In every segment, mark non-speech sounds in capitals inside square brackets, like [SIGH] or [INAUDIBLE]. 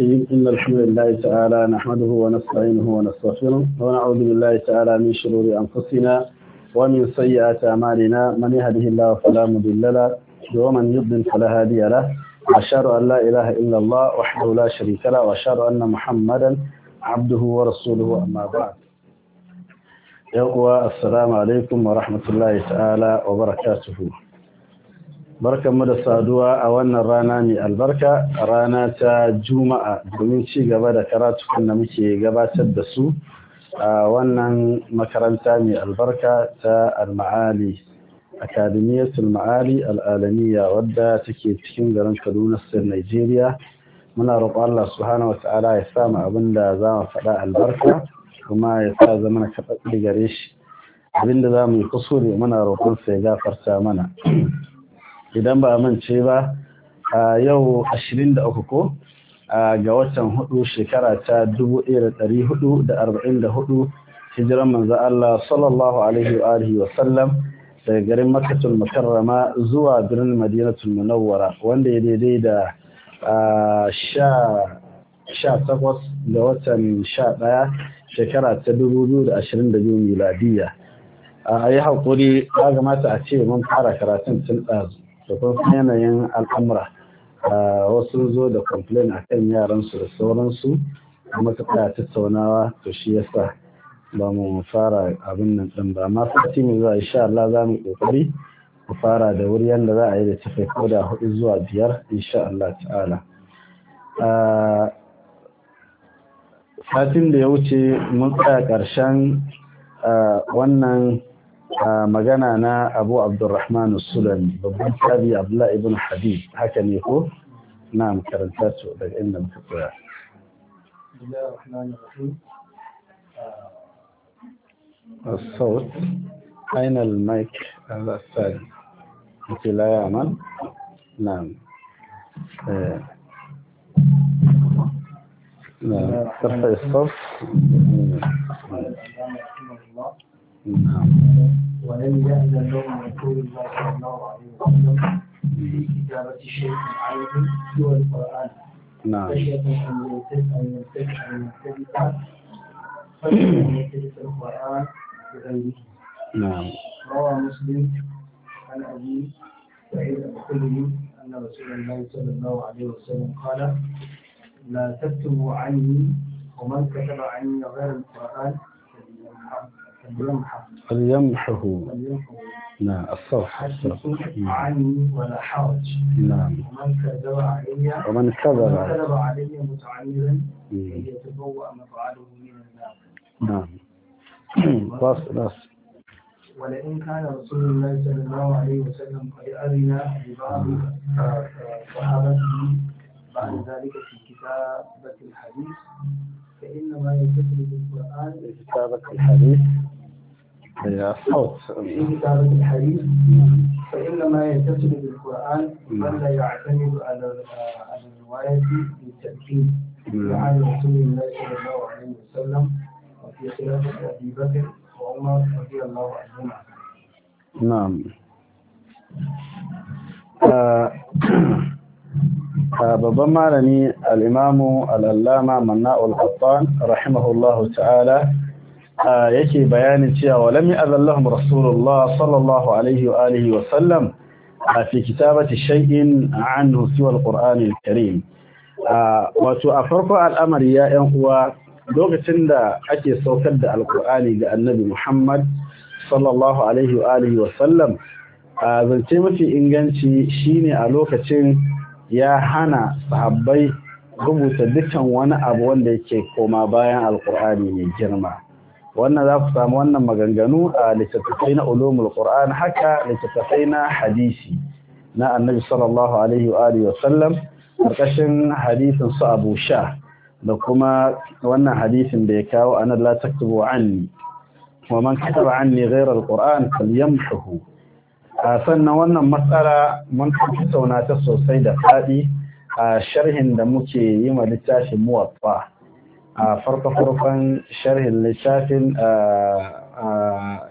الرحيم إن الحمد لله تعالى نحمده ونستعينه ونستغفره ونعوذ بالله تعالى من شرور أنفسنا ومن سيئات أعمالنا من يهده الله فلا مضل له ومن يضلل فلا هادي له أشهد أن لا إله إلا الله وحده لا شريك له وأشهد أن محمدا عبده ورسوله أما بعد يقوى السلام عليكم ورحمة الله تعالى وبركاته barkanmu da saduwa a wannan rana mai albarka rana ta juma'a domin ci gaba da karatukan da muke gabatar da su a wannan makaranta mai albarka ta al-ma'ali akademiyatul ma'ali al'alamiya wadda take cikin garin kaduna state nigeria muna roƙo allah subhanahu wata'ala ya sa mu abin da za mu faɗa albarka kuma ya sa zama na kaɗaɗɗe gare shi abin da za mu yi kusuri muna roƙon ya gafarta mana idan ba mance ba a yau 23 ko ga watan hudu shekara ta 1444 hijiran manzo Allah sallallahu alaihi wa alihi wa sallam daga garin Makkatul Mukarrama zuwa birnin Madinatul Munawwara wanda ya daidai da sha takwas da watan sha ɗaya shekara ta dubu biyu da ashirin da biyu miladiya a yi haƙuri ya gamata a ce mun fara karatun tun ɗazu da kuma yanayin al'amura wasu zo da complain a kan yaransu da sauransu kuma suka tattaunawa to shi yasa ba mu fara abin nan din ba amma sati mai zuwa insha Allah za mu ƙoƙari ku fara da wuri yanda za a yi da tafi ko da hudu zuwa biyar insha Allah ta'ala satin da ya wuce mun tsaya ƙarshen wannan آه، مجانا انا ابو عبد الرحمن السلمي بالضبط ابي عبد الله ابن حديد هكا يقول نعم كرنتات سؤال لان بسم الله الرحمن الرحيم آه، الصوت اين المايك هذا الثاني الذي لا يعمل نعم آه. نعم ترفع الصوت نعم ولم يأذن لهم رسول الله صلى الله عليه وسلم في كتابة شيء عليه سوى القرآن نعم خشية أن يلتبس أن أن خشية أن يلتبس القرآن بغيره نعم روى مسلم عن أبي سعيد الخدري أن رسول الله صلى الله عليه وسلم قال لا تكتبوا عني ومن كتب عني غير القرآن فليمحق فليمحه نعم الصوت نعم. عني ولا حرج نعم ومن كذب علي ومن كذب علي متعمدا فليتبوأ مقعده من النار نعم [CLEARS THROAT] بس بس ولئن كان رسول الله صلى الله عليه وسلم قد أذن لبعض صحابته نعم. بعد ذلك في كتابة الحديث فإنما يكتب في كتابة الحديث هي الصوت في كتابة الحديث فإن ما يتصل بالقرآن فلا يعتمد على على الرواية للتأكيد عن يعني رسول الله صلى الله عليه وسلم وفي خلافة أبي بكر وعمر رضي الله عنهما نعم آه، [CLEARS THROAT] آه، لني الإمام الألامة مناء manna'ul رحمه الله تعالى yake bayanin cewa walami ya'zallahum rasulullah sallallahu alaihi wa alihi wa sallam fi kitabati shay'in anhu siwa alqur'an alkarim wato a farko al'amari ya yan uwa lokacin da ake saukar da alqur'ani ga annabi Muhammad sallallahu alaihi wa alihi wa sallam zance mafi inganci shine a lokacin ya hana sahabbai rubuta dukkan wani abu wanda yake koma bayan alqur'ani mai girma wannan za ku samu wannan maganganu a littattafai na ulumul qur'an haka littattafai na hadisi na annabi sallallahu alaihi wa alihi wasallam hadisin su abu sha da kuma wannan hadisin da ya kawo a la taktubu anni wa man kataba anni ghayra alquran falyamshuhu a sannan wannan matsala mun tattauna ta sosai da faɗi a sharhin da muke yi ma littafin muwaffa a farko farkon sharhin littafin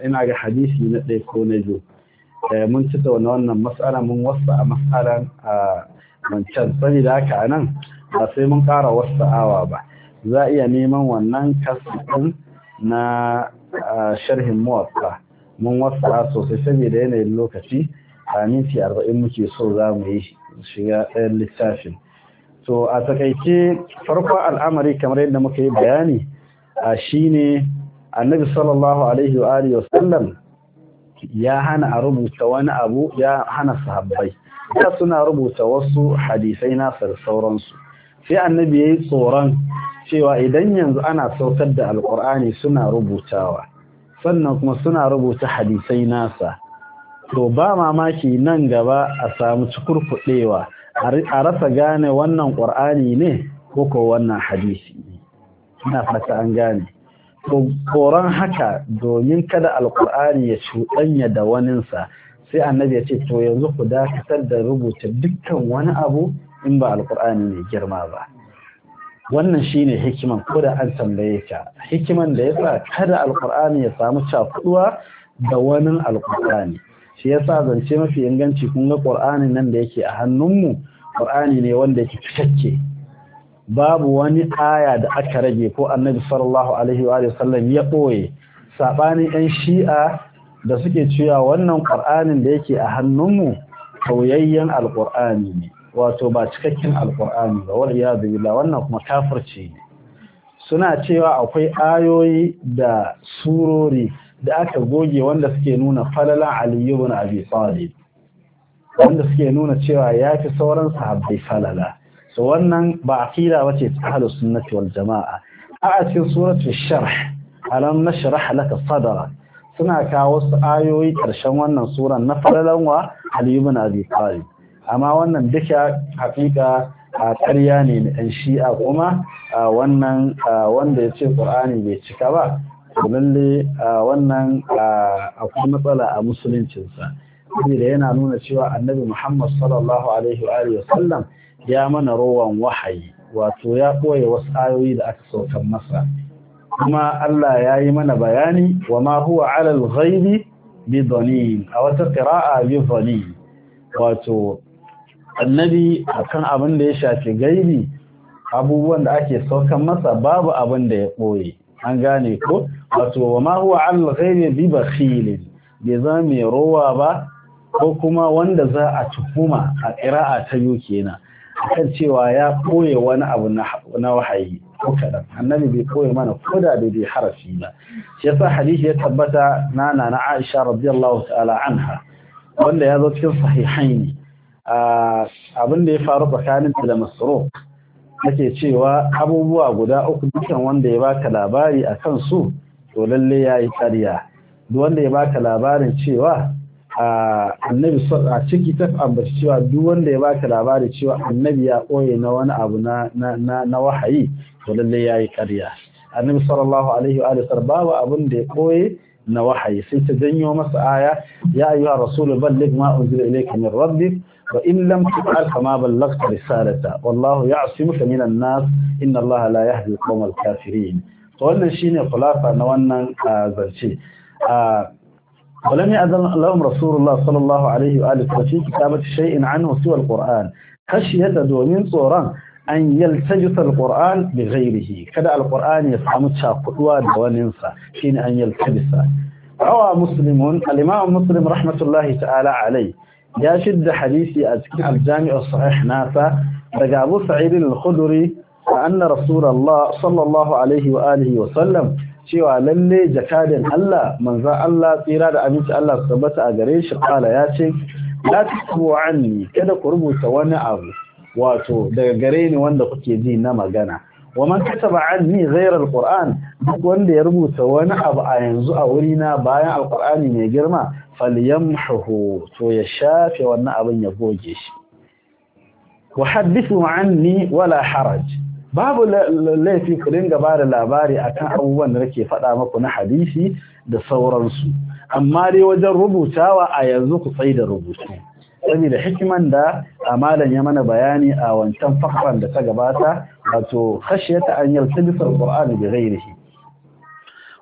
ina ga hadisi na ɗaya ko na biyu mun cika wani wannan matsala mun wasu a matsalan mancan sani da haka nan ba sai mun ƙara wasu awa ba za a iya neman wannan kasfin na sharhin mawasa mun wasu a sosai saboda yanayin lokaci a minti arba'in muke so za mu yi shiga ɗayan littafin To a takaice farko al'amari kamar yadda muka yi bayani a shine annabi sallallahu alaihi wa alihi wasallam ya hana a rubuta wani abu ya hana sahabbai ya suna rubuta wasu hadisai na sauransu sai annabi ya yi tsoron cewa idan yanzu ana sautar da alkur'ani suna rubutawa sannan kuma suna rubuta hadisai nasa to ba mamaki nan gaba a samu cikurkuɗewa a rasa gane wannan ƙur'ani ne ko ko wannan hadisi ne ina fata an gane to koran haka domin kada alƙwar'ani ya cuɗanya da waninsa sai annabi ya ce to yanzu ku dakatar da rubuta dukkan wani abu in ba alƙwar'ani mai girma ba wannan shine hikiman ko da an tambaye ka hikiman da ya sa kada alƙwar'ani ya samu cakuɗuwa da wani alƙwar'ani shi yasa zance mafi inganci kun ga qur'anin nan da yake a hannunmu qur'ani ne wanda yake cikakke babu wani aya da aka rage ko annabi sallallahu alaihi wa sallam ya ɓoye saɓanin ɗan shi'a da suke cewa wannan qur'anin da yake a hannunmu kauyayyen alqur'ani ne wato ba cikakken alqur'ani ba ya iyadu billah wannan kuma kafirci ne suna cewa akwai ayoyi da surori da aka goge wanda suke nuna falala Aliyu bin Abi Talib wanda suke nuna cewa yafi sauran sahabbai falala so wannan ba aqida bace ta ahlus sunnati wal jamaa a cikin suratul sharh alam nashrah laka sadra suna kawo wasu ayoyi ƙarshen wannan suran na Falalan wa ibn Abi Talib amma wannan duka hakika a ƙarya ne na ɗan shi'a kuma wannan wanda ya ce ƙur'ani bai cika ba lalle wannan akwai matsala a musuluncinsa saboda yana nuna cewa annabi muhammad sallallahu alaihi wa alihi wasallam ya mana rowan wahayi wato ya koya wasu ayoyi da aka saukan masa kuma Allah ya yi mana bayani wa ma huwa alal ghaibi bi dhanin a wata qira'a bi dhanin wato annabi akan abin da ya shafi gaibi abubuwan da ake saukan masa babu abin da ya koye an gane ko wato wa ma huwa an ghairi bi bakhil bai za mai rowa ba ko kuma wanda za a tuhuma a ƙira'a ta yau kenan kan cewa ya koye wani abu na wahayi ko kaɗan annabi bai koye mana ko da bai harafi ba shi yasa hadisi ya tabbata na na na Aisha radiyallahu ta'ala anha wanda ya zo cikin sahihaini abin da ya faru tsakanin da masruq yake cewa abubuwa guda uku dukan wanda ya baka labari akan su to lalle ya yi ƙarya duk wanda ya baka labarin cewa annabi a ciki ta ambaci cewa duk wanda ya baka labarin cewa annabi ya koye na wani abu na na wahayi to lalle ya yi ƙarya annabi sallallahu alaihi wa sallam babu abin da ya koye na wahayi sai ta janyo masa aya ya ayyuha rasul balligh ma unzila ilayka min rabbik wa in lam tuf'al fama ballaghta risalata wallahu ya'simuka minan nas inna allaha la yahdi al-qawma al-kafirin wannan shine kulasa na wannan zance walami azan Allahum Rasulullah sallallahu alaihi wa alihi wasallam kitabati shay'in anhu siwa alquran khashiyata domin tsoron an yaltajisa alquran bi ghayrihi kada alquran ya samu cakuduwa da wanin sa shine an yaltajisa rawa muslimun al muslim rahmatullahi ta'ala alayhi ya shidda hadisi a cikin al-jami' as nasa daga Abu Sa'id al a anna rasulullah sallallahu alaihi wa alihi wa sallam cewa lalle jakadan Allah manzo Allah tsira da aminci Allah su tabbata a gare shi kala ya la tubu anni kada ku rubuta wani abu wato daga gare ni wanda kuke ji na magana wa man kataba anni ghayra alquran duk wanda ya rubuta wani abu a yanzu a wuri na bayan alqurani mai girma falyamhu to ya shafe wannan abin ya goge shi wa hadithu anni wala haraj babu laifi ku dinga ba da labari akan abubuwan da nake faɗa maku na hadisi da sauransu amma dai wajen rubutawa a yanzu ku tsaye da rubutu saboda hikiman da amalan ya mana bayani a wancan fakfan da ta gabata wato khashiyata an yaltabisa alquran bi ghairihi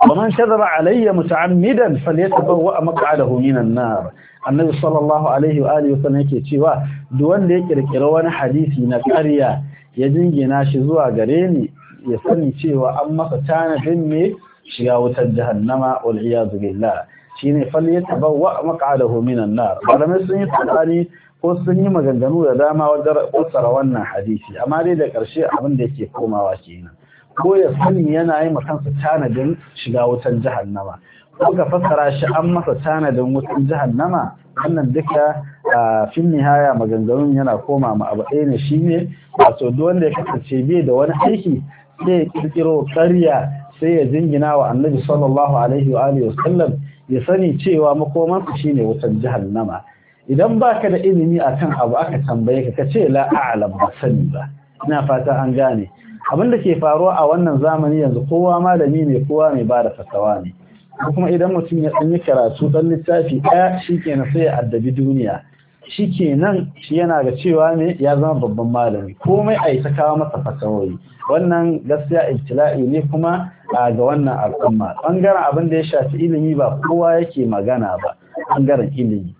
ومن كذب علي متعمدا فليتبوأ مقعده من النار النبي صلى الله عليه واله وسلم yake cewa duk wanda ya kirkira wani hadisi na ƙarya ya jingina shi zuwa gare ni ya sani cewa an masa tanadin ne shiga wutar jahannama wal iyadu billah shine fal yatabawwa maq'adahu minan nar malamai sun yi tsakani ko sun yi maganganu da dama wajen fassara wannan hadisi amma dai da ƙarshe abin da yake komawa kenan ko ya sani yana yi kansa tanadin shiga wutar jahannama aka fassara shi an masa tanadin wutan jahannama wannan duka a fin nihaya maganganun yana koma ma abu ɗaya ne shi ne wato duk wanda ya kasance bai da wani aiki sai ya kirkiro karya sai ya jingina wa annabi sallallahu alaihi wa alihi wasallam ya sani cewa makoman ku shine wutan jahannama idan baka da ilimi akan abu aka tambaye ka kace la a'lam ba sani ba ina fata an gane abin da ke faruwa a wannan zamani yanzu kowa malami ne kowa mai bada fatawa ne ko kuma idan mutum ya ɗan karatu ɗan littafi ɗaya shi kenan sai ya addabi duniya shi nan shi yana ga cewa ne ya zama babban malami komai a yi ta kawo masa fasahohi wannan gaskiya ibtila'i ne kuma ga wannan al'umma ɓangaren abin da ya shafi ilimi ba kowa yake magana ba ɓangaren ilimi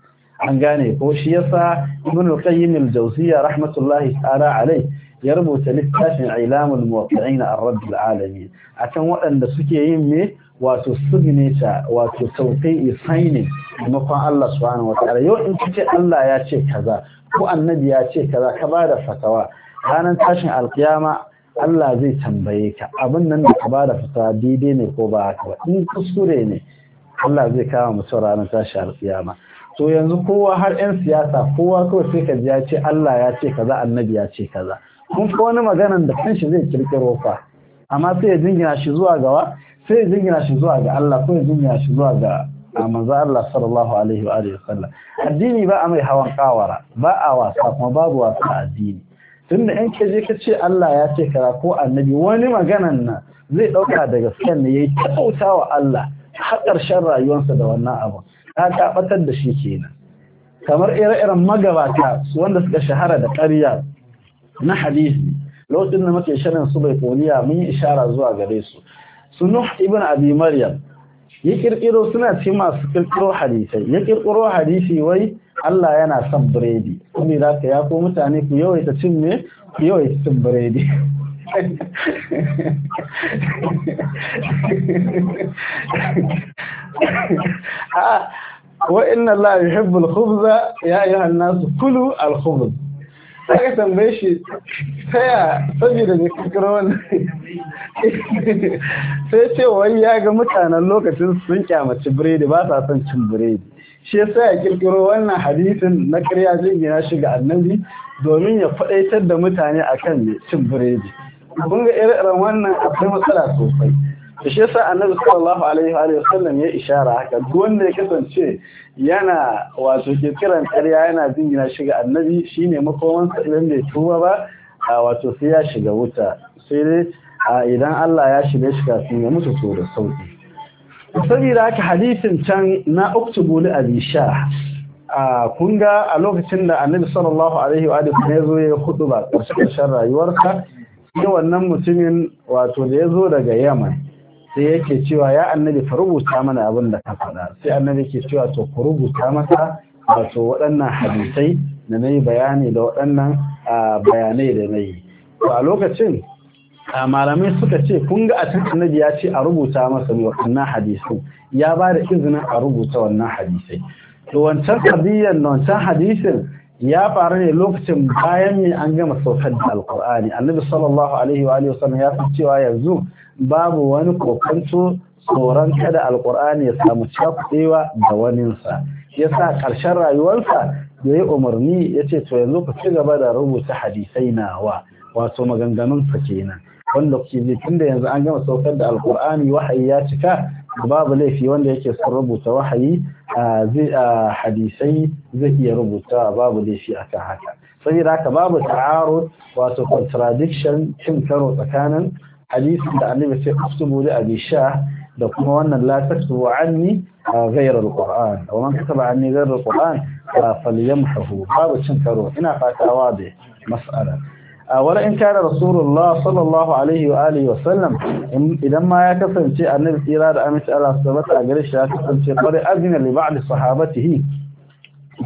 an gane ko shi yasa ibn al-qayyim al-jawziyya rahmatullahi ta'ala alai ya rubuta littafin ilamul muwaqqi'in ar-rabbil alamin akan waɗanda suke yin me wato signature wato tawqi'i signing makon Allah subhanahu wataala yau in kace Allah ya ce kaza ko annabi ya ce kaza ka bada fatawa ranar tashin alkiyama Allah zai tambaye ka abin nan da ka bada fatawa daidai ne ko ba haka ba in kuskure ne Allah zai kama mutum ranar tashin alkiyama to yanzu kowa har 'yan siyasa kowa kawai sai ka ji ya ce Allah ya ce kaza annabi ya ce kaza kun ko wani maganan da kan shi zai kirkiro fa amma sai ya jingina shi zuwa gawa sai ya jingina shi zuwa ga Allah ko ya jingina shi zuwa ga manzo Allah sallallahu alaihi wa alihi sallam addini ba a mai hawan kawara ba a wasa kuma babu wasa addini tunda in ka je ka ce Allah ya ce kara ko annabi wani maganan nan zai dauka da gaskiya ne yayi ta wa Allah har karshen rayuwarsa da wannan abu ka tabbatar da shi kenan kamar ire-iren magabata wanda suka shahara da ƙarya na hadisi lokacin da muke shirin su bai koliya mun yi ishara zuwa gare su su nuh ibn abi maryam ya kirkiro suna ce masu kirkiro hadisai ya kirkiro hadisi wai Allah yana son biredi kuma za ka ya ko mutane ku yawaita cin ku yawaita cin biredi [LAUGHS] ah, wa inna Allah yuhibbul khubza ya ayyuhan nasu kulu al khubz aka tambaye shi taya saboda mai kakar wannan sai ce wai ya ga mutanen lokacin sun kyamaci biredi ba sa son cin biredi shi yasa ya kirkiro wannan hadisin na karya jingina shi ga annabi domin ya faɗaitar da mutane akan cin biredi kun ga irin wannan akwai matsala sosai da shi yasa annabi sallallahu alaihi wa sallam ya ishara haka duk wanda ya kasance yana wato ke kiran ƙarya yana jingina shiga annabi shine makomansa idan bai tuba ba wato sai ya shiga wuta sai dai idan Allah ya shige shi kafin ya mutu to da sauki saboda haka hadisin can na uktubu li abisha kun ga a lokacin da annabi sallallahu alaihi wa sallam ya zo ya hudu ba ƙarshen rayuwarsa sai wannan mutumin wato da ya zo daga yaman sai yake cewa ya annabi ka rubuta mana abin da ka faɗa sai annabi yake cewa to ku rubuta masa wato waɗannan hadisai da na yi bayani da waɗannan bayanai da na yi to a lokacin malamai suka ce kun ga a cikin annabi ya ce a rubuta masa waɗannan hadisai. ya ba da izinin a rubuta wannan hadisai to wancan wancan hadisin ya faru ne lokacin bayan ne an gama saukar da alkur'ani annabi sallallahu alaihi wa sallam ya san cewa yanzu babu wani kokanto tsoron kada alkur'ani ya samu cakudewa da waninsa ya sa karshen rayuwarsa ya yi umarni ya ce to yanzu ku ci gaba da rubuta hadisai nawa wato maganganunsa kenan wanda kuke tun tunda yanzu an gama saukar da alkur'ani wahayi ya cika babu laifi wanda yake son rubuta wahayi a hadisai zai iya rubuta babu laifi akan haka da haka babu ta'arud wato contradiction cin karo tsakanin hadisi da annabi sai uktubu li abi sha da kuma wannan la taktubu anni ghayra alquran wa man kataba anni ghayra alquran falyamhahu babu cin karo ina fata da mas'ala wala in kana rasulullah sallallahu alaihi wa alihi wa sallam idan ma ya kasance annabi tsira da amince Allah subhanahu wa shi ya kasance qad azina li ba'd sahabatihi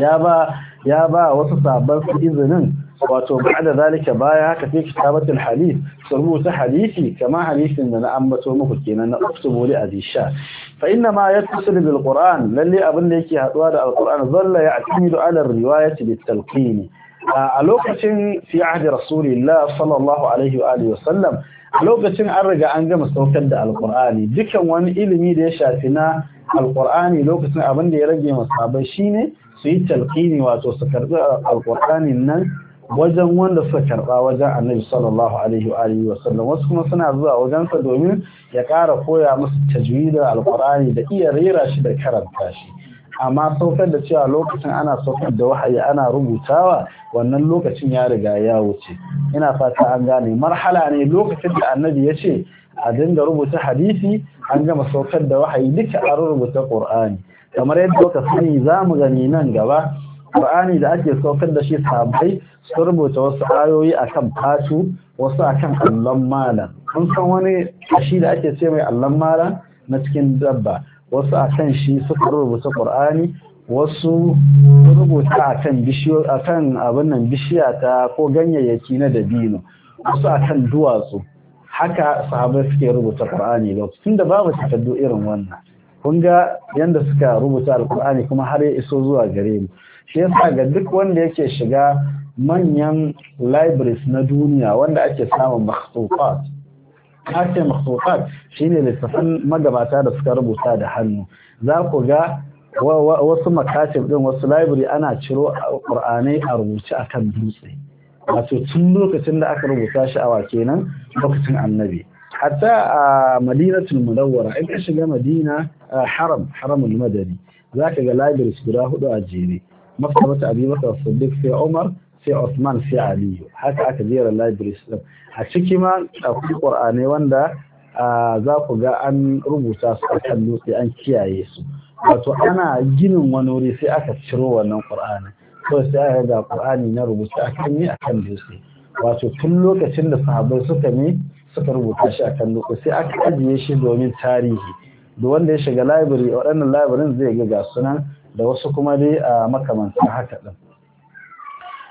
ya ba ya ba wasu sabon izinin wato ba'da zalika baya haka sai kitabatul hadith rubuta hadisi kama hadisin da na ambato muku kenan na uktubuli azisha fa inna ma yattasil bil qur'an lalle abin da yake haduwa da al qur'an zalla ya'timidu ala riwayati bit talqini a lokacin fi ahdi rasulillah sallallahu alaihi wa alihi wasallam a lokacin an riga an gama saukar da alqur'ani dukan wani ilimi da ya shafi na alqur'ani lokacin abin da ya rage masabai shine su yi talqini wato su karbi alqur'anin nan wajen wanda suka karba wajen annabi sallallahu alaihi wa alihi wasallam wasu kuma suna zuwa wajen sa domin ya ƙara koya musu tajwidar alqur'ani da iya rera shi da karanta shi amma saukar da cewa lokacin ana saukar da wahayi ana rubutawa wannan lokacin ya riga ya wuce ina fata an gane marhala ne lokacin da annabi ya ce a dinga rubuta hadisi an gama saukar da wahayi duka an rubuta qur'ani kamar yadda ka sani za mu gani nan gaba qur'ani da ake saukar da shi sabai sun rubuta wasu ayoyi akan fatu wasu akan allon malam kun san wani shi da ake ce mai allon malam na cikin dabba wasu a kan shi suka rubuta ƙur'ani wasu rubuta a kan a abin nan bishiya ta ko ganyayyaki na dabino wasu a kan duwatsu haka sahabai suke rubuta ƙur'ani lokacin da babu takaddu irin wannan kun ga yanda suka rubuta alƙur'ani kuma har ya iso zuwa gare mu shi yasa ga duk wanda yake shiga manyan libraries na duniya wanda ake samun makhtufat kace makhsusat shine littafan magabata da suka rubuta da hannu za ku ga wasu makatib din wasu library ana ciro qur'anai a rubuce akan dutse wato tun lokacin da aka rubuta shi awa kenan lokacin annabi hatta a madinatul munawwara in ka shiga madina haram haramul madani zaka ga libraries guda hudu a jere maktabata abubakar sadiq sai umar sai Osman sai Aliyu haka aka jera libraries din a ciki ma akwai ƙur'anai wanda za ku ga an rubuta su a kan dutse an kiyaye su wato ana ginin wani wuri sai aka ciro wannan ƙur'ani ko sai aka ga ƙur'ani na rubuta a kan a kan dutse wato tun lokacin da sahabbai suka ne suka rubuta shi a kan dutse sai aka ajiye shi domin tarihi da wanda ya shiga library waɗannan library zai ga ga sunan da wasu kuma dai a makamantan haka ɗin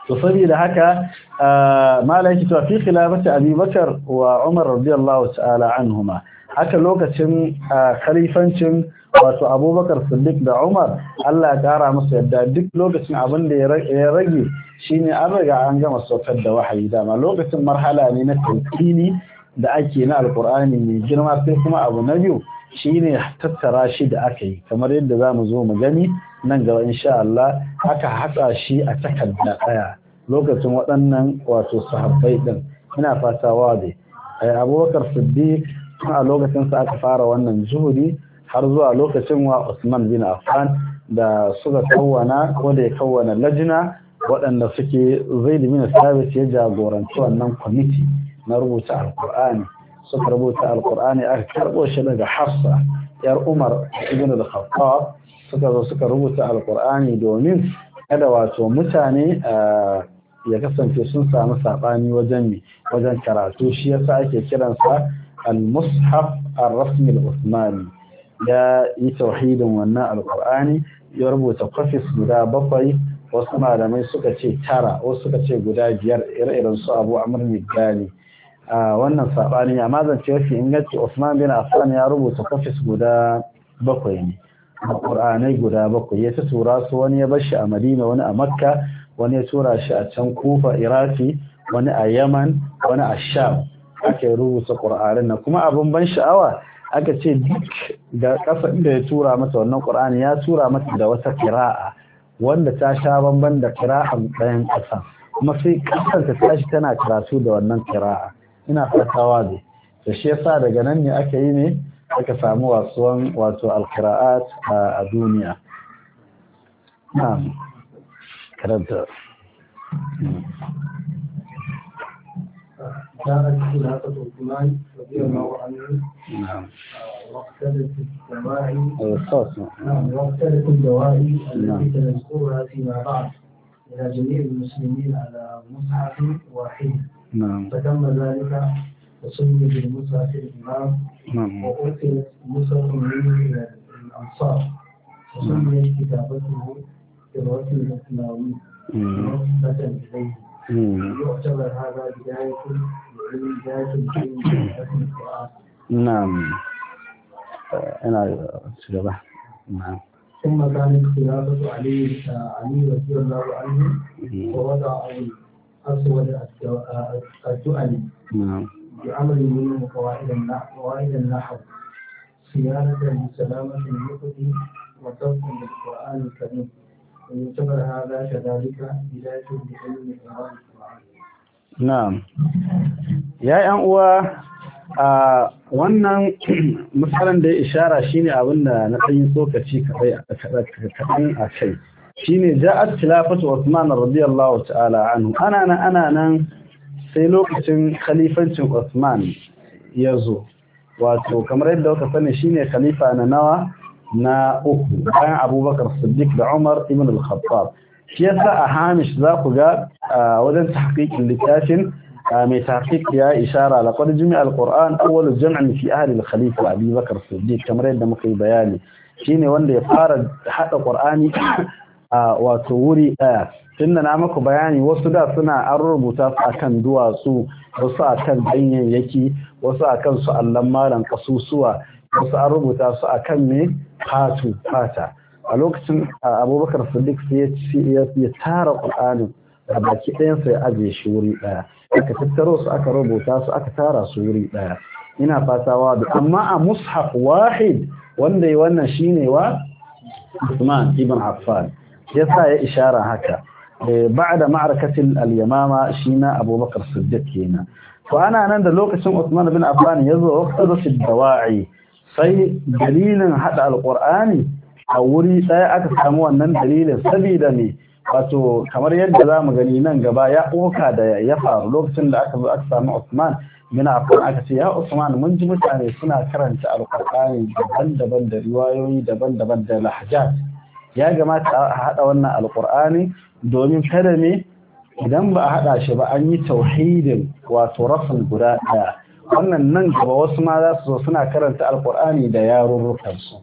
to saboda haka ah, malaki to fi khilafati Abi Bakar wa Umar radiyallahu ta'ala anhuma haka lokacin ah, khalifancin wato Abubakar Siddiq da Umar Allah ya kara musu yadda duk lokacin abin da ya rage shine an riga an gama saukar da wahayi dama lokacin marhala ne na tantini da ake na alkur'ani mai girma sai kuma abu na biyu shine tattara shi da aka yi kamar yadda za mu zo mu gani nan gaba insha Allah aka hatsa shi a takarda ɗaya lokacin waɗannan wato sahabbai ɗin ina fata wabe eh, abubakar siddiq a lokacin sa aka fara wannan zuhuri har zuwa lokacin wa Usman bin Affan da suka kawwana ko da ya kawwana lajina waɗanda suke Zaid bin Sabit ya jagoranci wannan kwamiti na rubuta Alƙur'ani suka rubuta Alƙur'ani aka karɓo shi daga Hafsa yar Umar ibn al-Khattab suka zo suka rubuta alkur'ani domin kada wato mutane eh, ya kasance sun samu saɓani wajen wajen karatu shi yasa ake kiransa al-mushaf ar-rasmi al-usmani ya yi tauhidin wannan alkur'ani ya rubuta kwafis guda bakwai wasu malamai suka ce tara wasu suka ce guda biyar ire-iren su abu amur gali ah, wannan saɓani amma zance mafi inganci Usman bin Affan ya rubuta kwafis guda bakwai ne ƙur'anai guda bakwai ya ta tura su wani ya bar shi a Madina wani a Makka wani ya tura shi a can Kufa Iraki wani a Yaman wani a Sham ake rubuta Qur'anin nan kuma abin ban sha'awa aka ce duk da kasa inda ya tura masa wannan ƙur'ani ya tura masa da wata kira'a wanda ta sha bamban da kira'an ɗayan ƙasa kuma sai ƙasar ta tashi tana karatu da wannan kira'a ina fatawa ne. da shi yasa daga nan ne aka yi ne aka samu wasuwan wato alqira'at a duniya na'am karanta كانت خلافة عثمان رضي الله عنه نعم واختلف الدواعي نعم واختلف الدواعي التي سنذكرها فيما بعد إلى جميع المسلمين على مصحف واحد نعم فتم ذلك وسمي بمصحف الإمام وألفت مصحف منه إلى الأنصار فسميت نعم. كتابته بالوكل الإسلامي نسبة نعم. إليه نعم. يعتبر هذا بداية بداية الدين القرآن نعم أنا سلبة نعم ثم كانت خلافة علي علي رضي الله عنه ووضع الأسود الدؤلي نعم بأمر منه قواعد النحو قواعد النحو صيانة لسلامة المقد وضبط للقرآن الكريم ويعتبر هذا كذلك بداية لعلم القرآن نعم يا ‘yan uwa, a wannan [CLEARS THROAT] matsalan da ya ishara shine abin da na ɗanyi tsokaci kaɗan a a kai. Shine ja'at khilafatu Uthman radiyallahu ta'ala anhu. Ana nan ana nan sai lokacin khalifancin Osman ya zo wato kamar yadda wata sani shine khalifa na nawa na uku bayan Abubakar Siddiq da Umar ibn al-Khattab shi yasa a Hamish za ku ga wajen tahqiqin littafin mai tahqiq ya ishara la qad jami'a al-Qur'an awwal jam'in fi ahli al-khalifa Abi Bakr Siddiq kamar yadda muka yi bayani shine wanda ya fara hada Qur'ani a wato wuri daya tunda na maku bayani wasu da suna an rubuta su akan duwatsu wasu akan ganyayyaki wasu akan su allan malam kasusuwa wasu an rubuta su akan me fatu fata a lokacin abubakar siddiq sai ya tara qur'anin a baki ɗayansa ya ajiye shi wuri ɗaya aka tattaro su aka rubuta su aka tara su wuri ɗaya ina fata wa amma a mushaf wahid wanda wannan shine wa Usman ibn Affan yasa ya ishara haka بعد معركة اليمامة شينا أبو بكر الصديق كينا فأنا أنا عند لوقت عثمان بن عفان يزو وقتدت الدواعي sai dalilin hada alkur'ani a wuri ɗaya aka samu wannan dalilin sabida ne wato kamar yadda za mu gani nan gaba ya oka da ya faru lokacin da aka zo aka samu Usman bin Affan aka ce ya Usman mun ji mutane suna karanta alkur'ani daban-daban da riwayoyi daban-daban da lahjat ya gamata a haɗa wannan alkur'ani domin kada ne idan ba a haɗa shi ba an yi tauhidin wato rafin guda ɗaya wannan nan gaba wasu ma za su zo suna karanta alkur'ani da yarurrukansu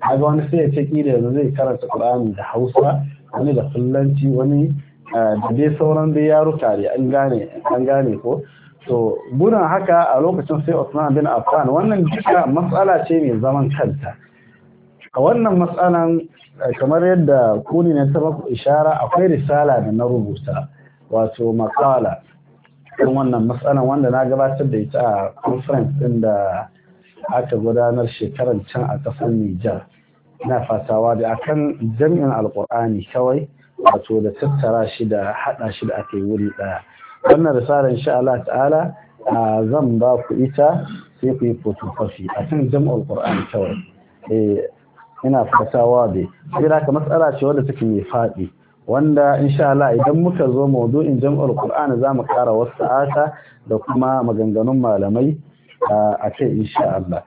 kaga wani sai ya ce kila da zai karanta qur'ani da hausa wani da Fulanci wani eh, da dai sauran dai yaruka ne an gane an gane ko to gudun haka a lokacin sai Usman bin Affan wannan duka matsala ce mai zaman kanta a wannan matsalan kamar yadda kuni na taɓa ishara akwai risala da na rubuta wato makala kan wannan matsalan wanda na gabatar da ita a conference din da aka gudanar shekaran can a ƙasar Nijar na fatawa da akan jami'in alkur'ani kawai wato da tattara shi da haɗa shi da aka wuri ɗaya wannan risala insha Allah ta'ala zan ba ku ita sai ku yi photocopy a kan jami'in Qur'ani kawai eh, ina fata wabe sai da matsala ce wanda take mai faɗi wanda insha Allah idan muka zo maudu'in jam'ul Qur'an za mu wasu ata da kuma maganganun malamai a kai insha Allah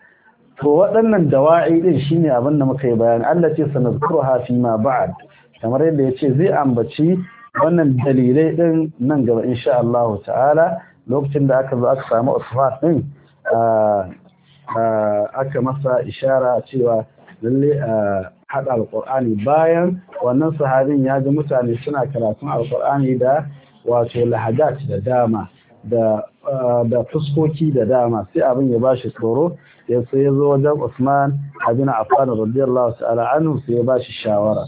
to waɗannan dawa'i din shine abin da muka yi bayani Allah ce sanazkuruha fi ma ba'd kamar yadda yace zai ambaci wannan dalilai din nan gaba insha Allah ta'ala lokacin da aka zo aka samu usfat din aka masa ishara cewa lalle a haɗa alƙur'ani bayan wannan sahabin ya ji mutane suna karatun alƙur'ani da wato lahadat da dama da da fuskoki da dama sai abin ya bashi tsoro ya sai ya zo wajen Usman abin Affan radiyallahu ta'ala anhu sai ya bashi shawara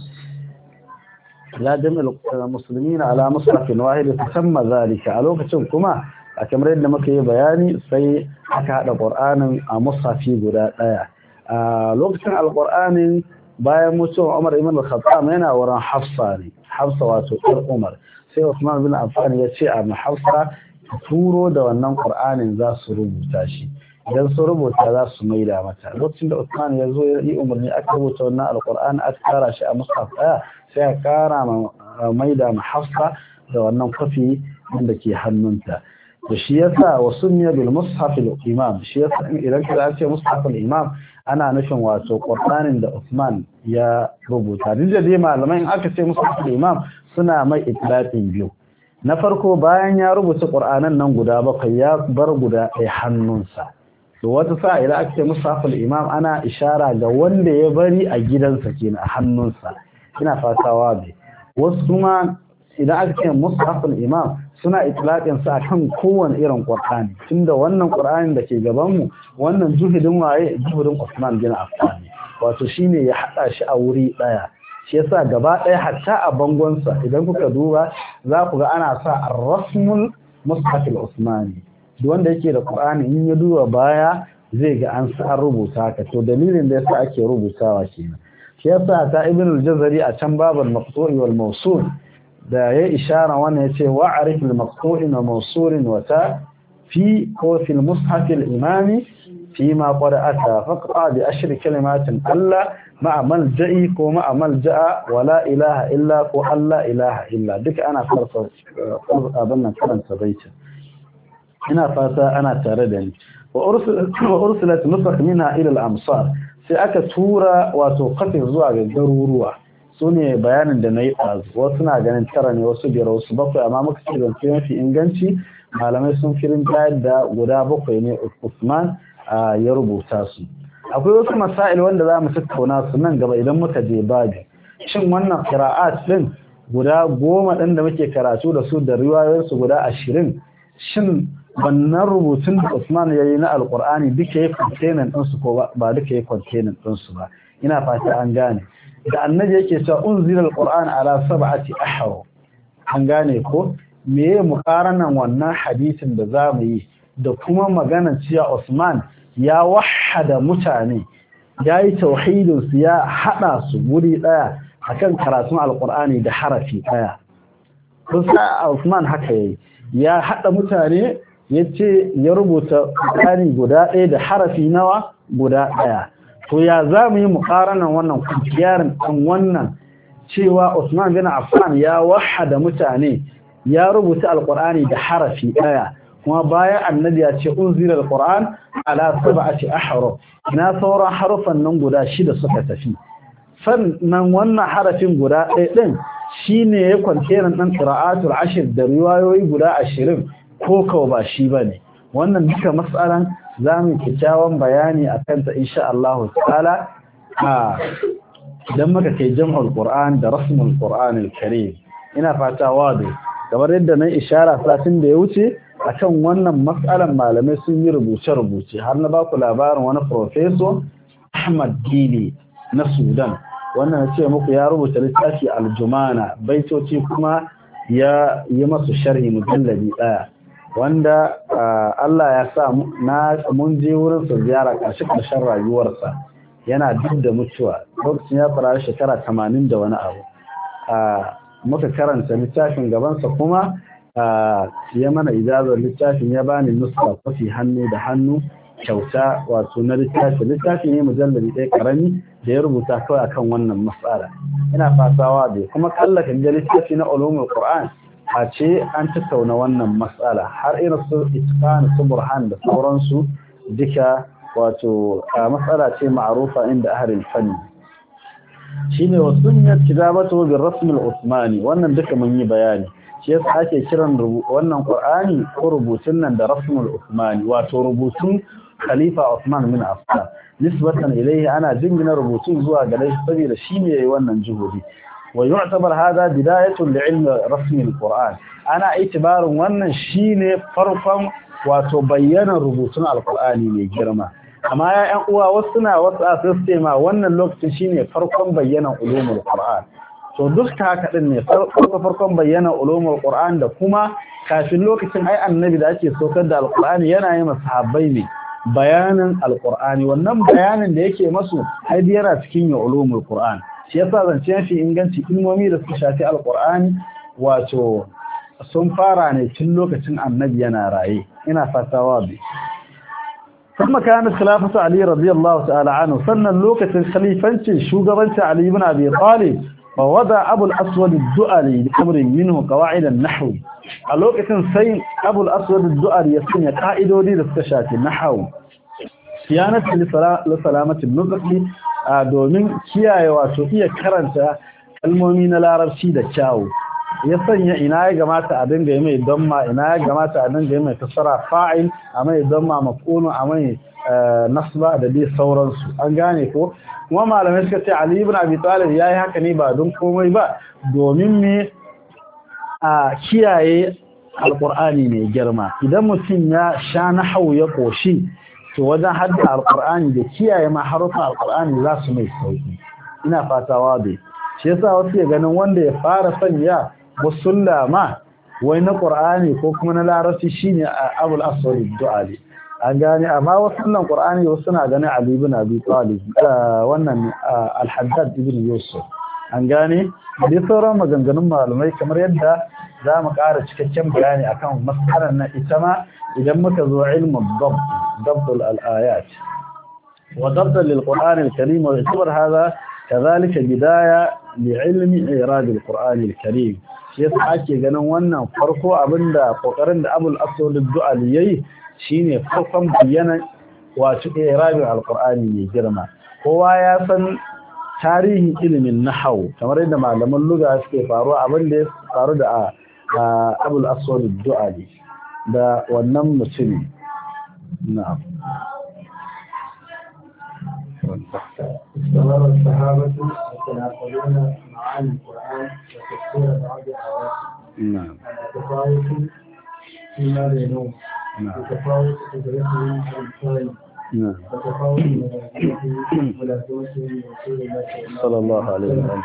la jami'ul muslimin ala musrafin wahid tasamma zalika a lokacin kuma a kamar yadda muka yi bayani sai aka hada Qur'anin a musafi guda daya lokacin alqur'ani bayan mutuwar Umar ibn al-Khattab yana wurin Hafsa ne Hafsa wato ɗan Umar sai Usman bin Affan ya ce a Hafsa turo da wannan Qur'anin za su rubuta shi idan su rubuta za su maida mata lokacin da Usman ya zo ya yi umarni aka rubuta wannan alqur'ani aka kara shi a mushaf ɗaya sai a kara maida ma Hafsa da wannan kwafi wanda ke hannunta da shi yasa wasu miya bil mushaf al-imam shi yasa idan ka ce mushaf al-imam ana nufin wato ƙur'anin da Usman ya rubuta duk da dai malamai aka ce musu da imam suna mai itilafin biyu na farko bayan ya rubuta ƙur'anan nan guda bakwai ya bar guda ɗaya hannunsa to wata sa'a idan aka ce musafil imam ana ishara ga wanda ya bari a gidansa ke a hannunsa ina fatawa bai wasu kuma idan aka ce musafil imam suna su a kan kowane irin tun tunda wannan Qur'anin da ke gabanmu wannan juhudin waye juhudin Usman bin Affan wato shine ya haɗa shi a wuri ɗaya shi yasa gaba ɗaya hatta a bangonsa idan kuka duba za ku ga ana sa ar-rasmul mushaf usmani duk wanda yake da ƙwarƙani in ya duba baya zai ga an sa rubuta ka to dalilin da yasa ake rubutawa kenan shi sa ta Ibn jazari a can babul maqtu'i wal mawsul' da ya ishara wannan yace wa arif al maqtu'in wa mawsurin wa fi ko fil mushaf al imami fi ma qara'ata faqta bi ashirin kalimatin Allah ma'a malja'i ko ma'a malja'a wa la ilaha illa ko Allah ilaha illa duka ana farsa abin nan karanta baitin ina fata ana tare da ni wa وأرسلت نسخ منها إلى الأمصار سأكا تورا وتوقف الزواج الضرورة su ne bayanin da na yi wasu na ganin tara ne wasu biyar wasu bakwai amma muka ce zance mafi inganci malamai sun firin tayar da guda bakwai ne usman ya rubuta su akwai wasu masail wanda za mu tattauna su nan gaba idan muka je babi shin wannan qira'at din guda goma ɗin da muke karatu da su da riwayoyinsu guda ashirin shin wannan rubutun da Usman ya yi na Alƙur'ani duka ya kwantenan ɗinsu ko ba duka ya kwantenan ɗinsu ba ina fata an gane da annabi yake cewa unzila alquran ala sab'ati ahru an gane ko meye muqaranan wannan hadisin da zamu yi da kuma magana cewa Usman ya wahada mutane yayi tauhidin su ya hada su guri daya akan karatun alqurani da harafi daya kusa Usman haka yayi ya hada mutane yace ya rubuta alqurani guda daya da harafi nawa guda daya to ya za mu yi muƙaranan wannan kujiyarin ɗan wannan cewa Usman bin Affan ya wahada mutane ya rubuta alƙur'ani da harafi ɗaya kuma bayan annabi ya ce unzila alƙur'an ala sab'ati ahruf ina sauran harufan nan guda shida suka tafi sannan wannan harafin guda ɗaya ɗin shine ya kwantenan ɗan qira'atul ashir da riwayoyi guda ashirin ko kawo ba shi bane wannan duka matsalan za mu kyakkyawan bayani a kanta insha Allah ta'ala a idan muka kai jam'ul Qur'an da rasmul Qur'an al ina fata wado kamar yadda na ishara satin da ya wuce a kan wannan matsalan malamai sun yi rubuce-rubuce har na baku labarin wani professor Ahmad Gili na Sudan wannan ce muku ya rubuta littafi aljumana baitoci kuma ya yi masu sharhi mujallabi ɗaya wanda Allah ya sa na mun je wurin sa ziyara karshe karshen rayuwarsa yana duk da mutuwa lokacin ya fara shekara tamanin da wani abu muka karanta littafin gabansa kuma ya mana ijazar littafin ya bani nuska kwafi hannu da hannu kyauta wato na littafi littafi ne mujallali ɗaya karami da ya rubuta kawai akan wannan matsala ina fatawa bai kuma kallaka ga littafi na ulumul qur'an a ce an tattauna wannan matsala har irin su itqan su burhan da sauransu duka wato matsala ce maarufa inda ahlul fanni ne wa sunnat kitabatu bil rasm usmani wannan duka mun yi bayani shi yasa ake kiran wannan ƙur'ani ko rubutun nan da rasmul usmani wato rubutun khalifa usman bin affan nisbatan ilaihi ana jingina rubutun zuwa ga shi saboda shi ne yayi wannan juhudi ويعتبر هذا بداية لعلم رسم القرآن أنا اعتبار وأن شين فرقا وتبين ربوتنا القرآن يجرما أما يا أقوى وصنا وصنا سيستيما وأن الوقت شين فرقا بين علوم القرآن to duk haka din ne farko farkon bayyana ulumul qur'an da kuma kafin lokacin ai annabi da ake sokar da alqur'ani yana yi masahabbai ne bayanin alqur'ani wannan bayanin da yake masu ai yana cikin ulumul qur'an shi yasa zance shi inganci ilmomi da suka shafi alqur'ani wato sun fara ne tun lokacin annabi yana raye ina fatawa bi kuma kana khilafatu ali radiyallahu ta'ala anhu sannan lokacin khalifancin shugabancin ali ibn abi talib wa wada abu al-aswad ad-du'ali bi amrin minhu qawaid an-nahw a lokacin sai abu al-aswad ad-du'ali ya sanya ka'idodi da suka shafi nahw siyanat li salamati an a domin kiyaye wato iya karanta kalmomi na larabci da kyawu ya sanya ina ya gamata a dinga yi mai damma ina ya gamata a dinga yi mai tasara fa'il a mai damma makonu a mai eh, nasba da dai sauransu an gane ko kuma malamai suka ce ali ibn abi talib yayi haka ne ba don komai ba domin me a kiyaye alqur'ani mai girma idan mutum ya sha nahau ya koshi to wajen hadda alqur'ani da kiyaye ma harufan alqur'ani za su mai sauki ina fatawa dai shi yasa wasu ya ganin wanda ya fara sanya ma wai na qur'ani ko kuma na larabci shine abul aswad du'ali an gane amma wasu nan qur'ani wasu suna ganin ali ibn abi talib eh, wannan eh, alhaddad ibn yusuf an gane da sauran maganganun malamai kamar yadda za mu ƙara cikakken bayani akan matsalar na ita ma idan muka zo ilmin dabt dabtul al-ayat wa dabtul lil-qur'an al-karim wa yu'tabar hadha kadhalika bidaya li ilmi irad al-qur'an al-karim shi yasa ake ganin wannan farko abinda kokarin da Abul Aswad al yayi shine farkon bayanan wato irabin al-qur'ani mai girma kowa ya san tarihin ilimin hau, kamar yadda malaman lugha suke faruwa abinda ya faru da Abul Du'al. da wannan mutumi نعم استمر الصحابة يتناقلون معاني القرآن وتفسير بعض آياته. نعم. تفاوت فيما بينهم. نعم. وتفاوت قدرتهم على الكلام. نعم. وتفاوت ملازمتهم ملازمتهم رسول الله صلى الله عليه وسلم.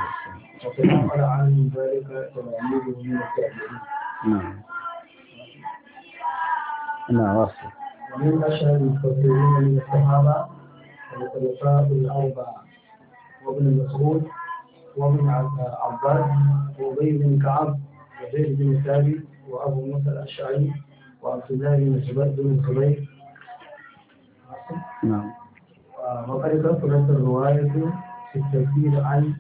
وتناقل عن ذلك تلاميذه من التابعين. نعم. نعم واصل ومن أشهر المفسرين من الصحابة الخلفاء الأربعة وابن مسعود وابن عباس وأبي بن كعب وزيد بن ثابت وأبو موسى الأشعري وعبد الله بن الزبير بن زبير نعم وقد كثرت الرواية في التفسير عن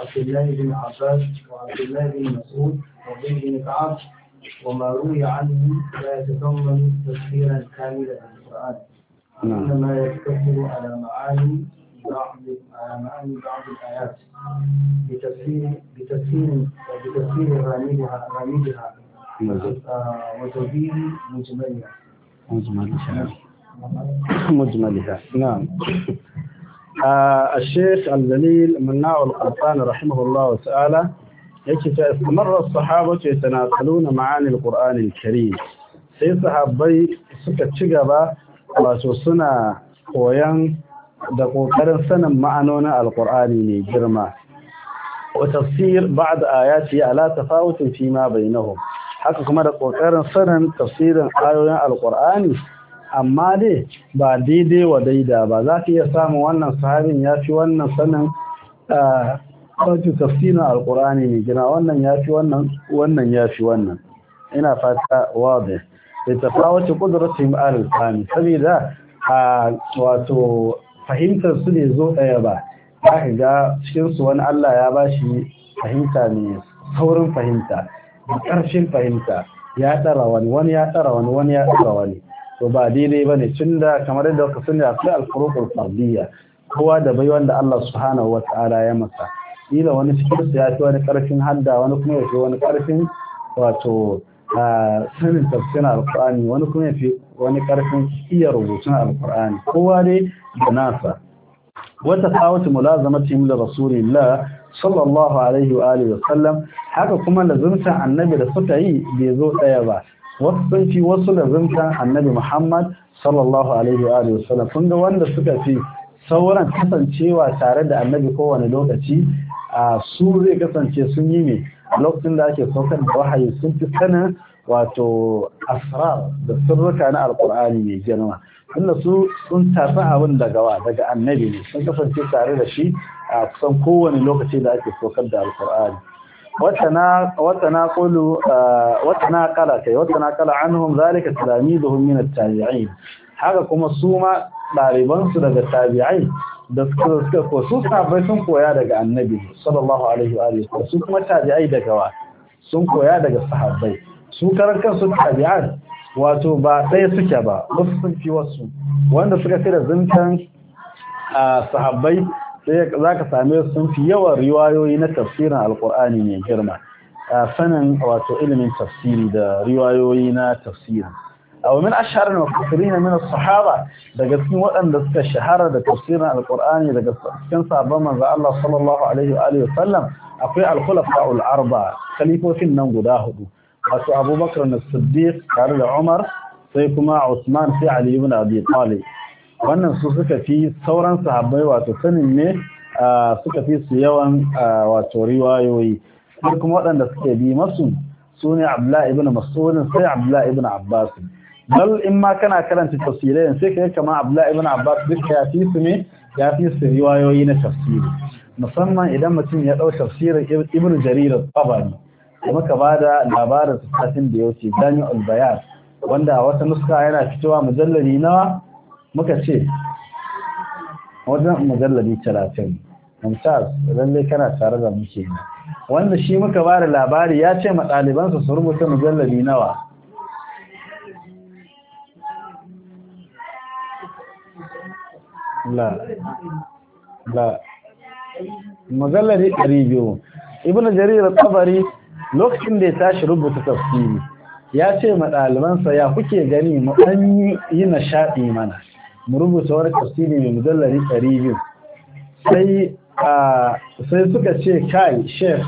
عبد الله بن عباس وعبد الله بن مسعود وزيد بن كعب وما روي عنه لا يتضمن تفسيرا كاملا للقرآن نعم. إنما يشتمل على معاني بعض على معاني بعض الآيات بتفسير بتفسير بتفسير غامضها غامضها آه، وتوجيه مجملها مجملها نعم. مجملها نعم آه الشيخ الجليل مناع القرطاني رحمه الله تعالى yake ta ce tana yatanasaluna ma'ani alqur'ani alkarim sai sahabbai suka ci gaba wato suna koyon da ƙoƙarin sanin ma'anonin Alƙur'ani ne girma wa tafsir ba'd ayati ala tafawutin fi ma bainahum haka kuma da ƙoƙarin sanin tafsirin ayoyin Alƙur'ani amma dai ba daidai wa daida ba za ka iya samun wannan sahabin ya fi wannan sanin ah, ɗauki tafsirin alkur'ani ne gina wannan ya fi wannan wannan ya fi wannan ina fata wadda da tafawacin ƙudurarsu alfani saboda a wato fahimtar su ne zo ɗaya ba Ya ka ga cikinsu wani allah ya bashi fahimta ne saurin fahimta da fahimta ya ɗara wani wani ya ɗara wani wani ya ɗara wani to ba daidai ba ne tun da kamar yadda ka sani akwai alfurukul fardiyya kowa da bai wanda allah subhanahu wa ta'ala ya masa kila wani cikin ya fi wani ƙarfin hadda wani kuma ya fi wani ƙarfin wato sanin tafsirin Alƙur'ani wani kuma ya fi wani ƙarfin iya rubutun Alƙur'ani kowa dai da nasa wata tawata mulazamati da rasulillah sallallahu alaihi wa alihi wa sallam haka kuma lazumta annabi da suka yi bai zo ɗaya ba wasu sun fi wasu lazumta annabi muhammad sallallahu alaihi wa alihi wa sallam kun ga wanda suka fi sauran kasancewa tare da annabi kowane lokaci su zai kasance sun yi ne lokacin da ake saukar da wahayi sun fi sanin wato asrar da sirrika na alkur'ani mai girma tunda su sun tafi abin da gawa daga annabi ne sun kasance tare da shi a kusan kowane lokaci da ake saukar da alkur'ani wata na kulu wata na kala kai wata na kala da zalika tilamizuhum min at haka kuma su ma ɗalibansu daga tabi'ai da suka suka ko su sabai sun koya daga annabi sallallahu alaihi wa alihi su kuma tabi'ai daga wa sun koya daga sahabbai su karan kansu tabi'an wato ba sai suke ba wasu sun fi wasu wanda suka fi da a sahabbai sai zaka same sun fi yawan riwayoyi na tafsirin Alqur'ani mai girma sanin wato ilimin tafsiri da riwayoyi na tafsirin aw min ashhar al-mufassirin min as-sahaba daga cikin waɗanda suka shahara da tafsirin al-Qur'ani daga cikin sahabban manzo Allah sallallahu alaihi wa alihi wasallam akwai al-khulafa al-arba khalifofin nan guda hudu wato Abubakar Bakr as da Umar sai kuma Usman sai Ali ibn Abi wannan su suka fi sauran sahabbai wato sanin ne suka fi su yawan wato riwayoyi sai kuma waɗanda suke bi masu su ne Abdullah ibn Mas'ud sai Abdullah ibn Abbas bal in ma kana karanta tafsirai sai kai kama Abdullahi ibn Abbas duk ya fi su ne ya fi su riwayoyi na tafsiri musamman idan mutum ya dau tafsirin Ibn Jarir al-Tabari kuma ka bada labarin tafsirin da yake Jami'ul Bayan wanda wata nuska yana fitowa mujallali nawa muka ce wajen mujallali 30 mumtaz lalle kana tare da muke wanda shi muka bada labari ya ce ma ɗalibansa su rubuta mujallali nawa ɗari biyu ibnu jarir Sabari lokacin da ya tashi rubuta tafsiri ya ce ma ɗalibansa ya kuke gani mu an yi nishaɗi mana mu rubuta wani tafsiri mai mujalladi ɗari biyu sai suka ce kai shef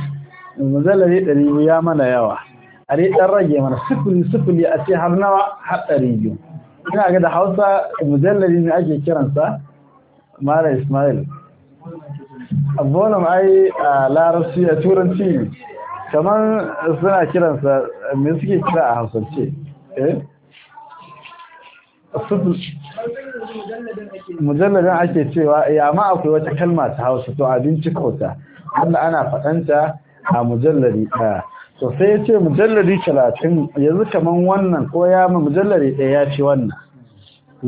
mujalladi ɗari biyu ya mana yawa a dai ɗan rage mana sufuri sufuri a ce har nawa har ɗari biyu ina ga da hausa mujalladi ne ake kiransa mara ismail bonum ai a larasu a turanci kamar suna kiransa me suke kira a hausance eh? mujalladin ake cewa ya eh, ma akwai wata kalma ta hausa to abinci kauta wanda ana faɗanta a mujalladi ɗaya ya ce mujalladi talatin yanzu kamar wannan ko ya ma mujalladi ɗaya ya ce wannan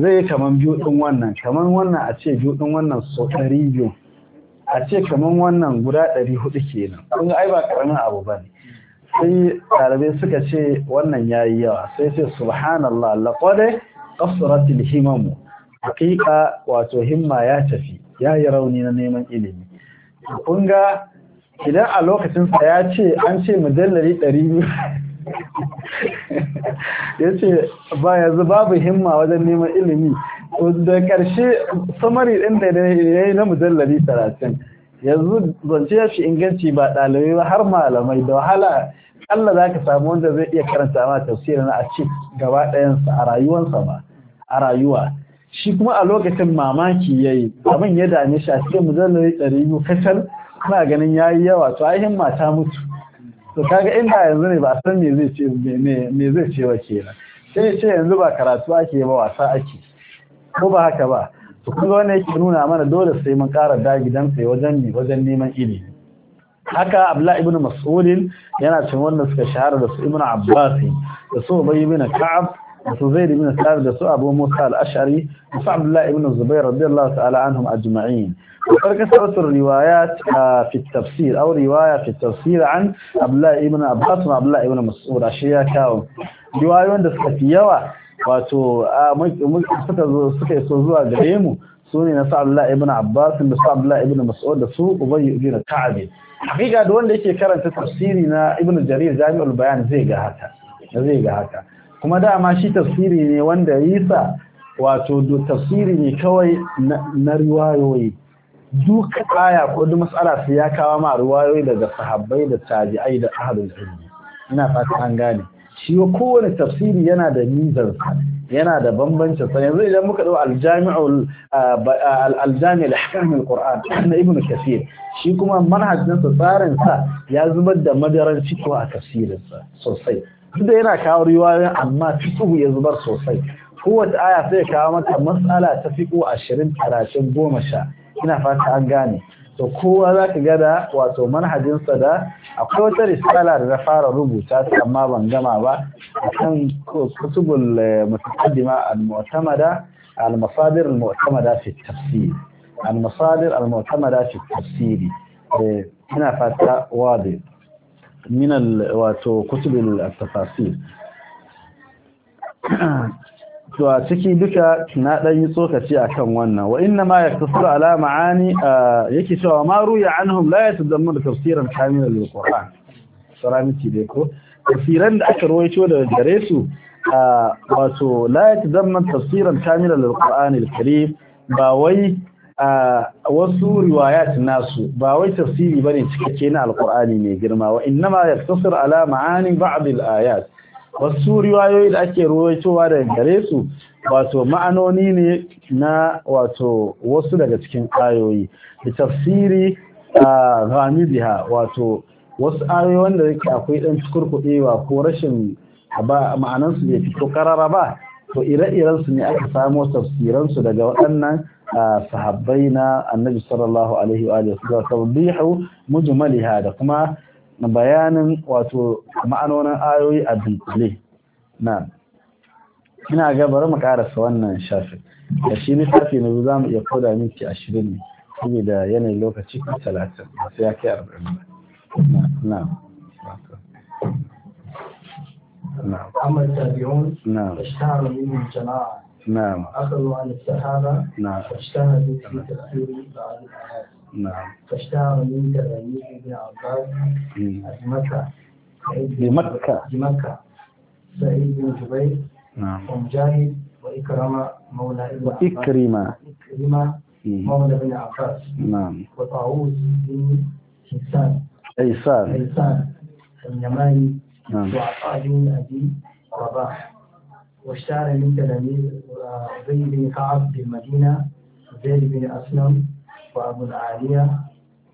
zai yi kaman biyu ɗin wannan kaman wannan a ce biyu ɗin wannan so ɗari biyu a ce kaman wannan guda ɗari hudu kenan kun ga ai ba ƙaramin abu ba ne sai ɗalibai suka ce wannan ya yi yawa sai sai subhanallah laƙwade ƙasuratul himamu haƙiƙa wato himma ya tafi ya yi rauni na neman ilimi kun ga idan a lokacinsa ya ce an ce mujallari ɗari biyu [LAUGHS] ya ce ba yanzu babu himma wajen neman ilimi da ƙarshe samari ɗin da ya yi na mujallari talatin yanzu zance ya fi inganci ba ɗalibai ba har malamai da wahala Allah za ka samu wanda zai iya karanta ma tafsirin na a ci gaba ɗayansa a rayuwansa ba a rayuwa shi kuma a lokacin mamaki ya yi abin ya dame shi a cikin mujallari ɗari biyu kacal kuna ganin ya yi yawa to himma ta mutu to kaga inda yanzu ne ba san me zai ce me zai ce wa kenan sai ya ce yanzu ba karatu ake ba wasa ake ko ba haka ba to kuma wannan yake nuna mana dole sai mun ƙara dagidan sai wajen ne wajen neman ilimi haka abla ibn mas'ul yana cin wanda suka shahara da su Ibnu abbas da su ubay ibn ka'ab وسزيد بن ثابت أبو موسى الأشعري وصعب الله بن الزبير رضي الله تعالى عنهم أجمعين وقد كثرت الروايات في التفسير أو رواية في التفسير عن عبد الله بن عباس وعبد الله بن مسعود أشياء كاو رواية دسك يوا wato suka zo suka iso zuwa gare mu su ne na sa'adullah ibn abbas da sa'adullah ibn mas'ud da su ubayy ibn ka'ab hakika da wanda yake karanta tafsiri na ibn jarir jami'ul bayan zai zai ga haka kuma dama shi tafsiri ne wanda yisa wato tafsiri ne kawai na riwayoyi duk aya ko duk matsala ya kawo ma riwayoyi daga sahabbai da tabi'ai da ahlul ilmi ina fata an gane shi kowane tafsiri yana da mizar yana da bambanci sai yanzu idan muka dau al-jami'ul al-jami' al-ahkam al-Qur'an na Ibn Kathir shi kuma manhajinsa tsarin sa ya zubar da madaran ciko a tafsirinsa sosai duk da yana kawo riwayoyin amma fiqhu ya zubar sosai kowace aya sai kawo mata matsala ta fiqhu 20 tarashin sha ina fata an gane to kowa za ka gada wato manhajinsa da akwai wata risala da na fara rubuta ta amma ban gama ba kan kutubul eh, mutaqaddima al-mu'tamada al-masadir al-mu'tamada fi tafsir al-masadir al-mu'tamada fi tafsiri. Eh, ina fata wadi min wato kutubul tafasir to a ciki duka na dan yi tsokaci akan wannan wa inna ma yaktasir ala ma'ani yake cewa ma ruya anhum la yatadammar tafsiran kamilan lil qur'an saramiti dai ko tafsiran da aka rawaito daga gare su wato la yatadammar tafsiran kamilan lil qur'an al karim ba wai a wasu riwayat nasu ba wai tafsiri bane cikakke na alqur'ani mai girma wa innama yaktasir ala ma'ani ba'd al-ayat wasu riwayoyi da ake ruwaitowa daga gare su wato ma'anoni ne na wato wasu daga cikin ayoyi da tafsiri a ghamidiha wato wasu ayoyi wanda yake akwai dan cikurkuɗewa ko rashin ba ma'anansu bai fito karara ba to ire-irensu ne aka samo tafsiransu daga waɗannan sahabbai na annabi sallallahu alaihi wa sallam mujmaliha da kuma bayanin wato ma'anonin ayoyi a dunkule na ina ga bari mu karasa wannan shafi da shi littafi na za mu iya koda minti ashirin ne saboda yanayin lokaci ko talatin sai ya kai arba'in na na نعم أما التابعون نعم فاشتهر منهم جماعة نعم أخذوا عن الصحابة نعم فاجتهدوا في تفسير بعض الآيات نعم فاشتهر من تلاميذ ابن عباس بمكة بمكة بمكة سعيد بن جبير نعم ومجاهد وإكرمة مولى ابن عباس وإكرمة إكرمة مولى ابن عباس نعم وطاووس بن حسان عيسان عيسان اليماني نعم. وعطاء بن أبي رباح واشتهر من تلاميذ زيد بن كعب بالمدينة زيد بن أسلم وأبو العالية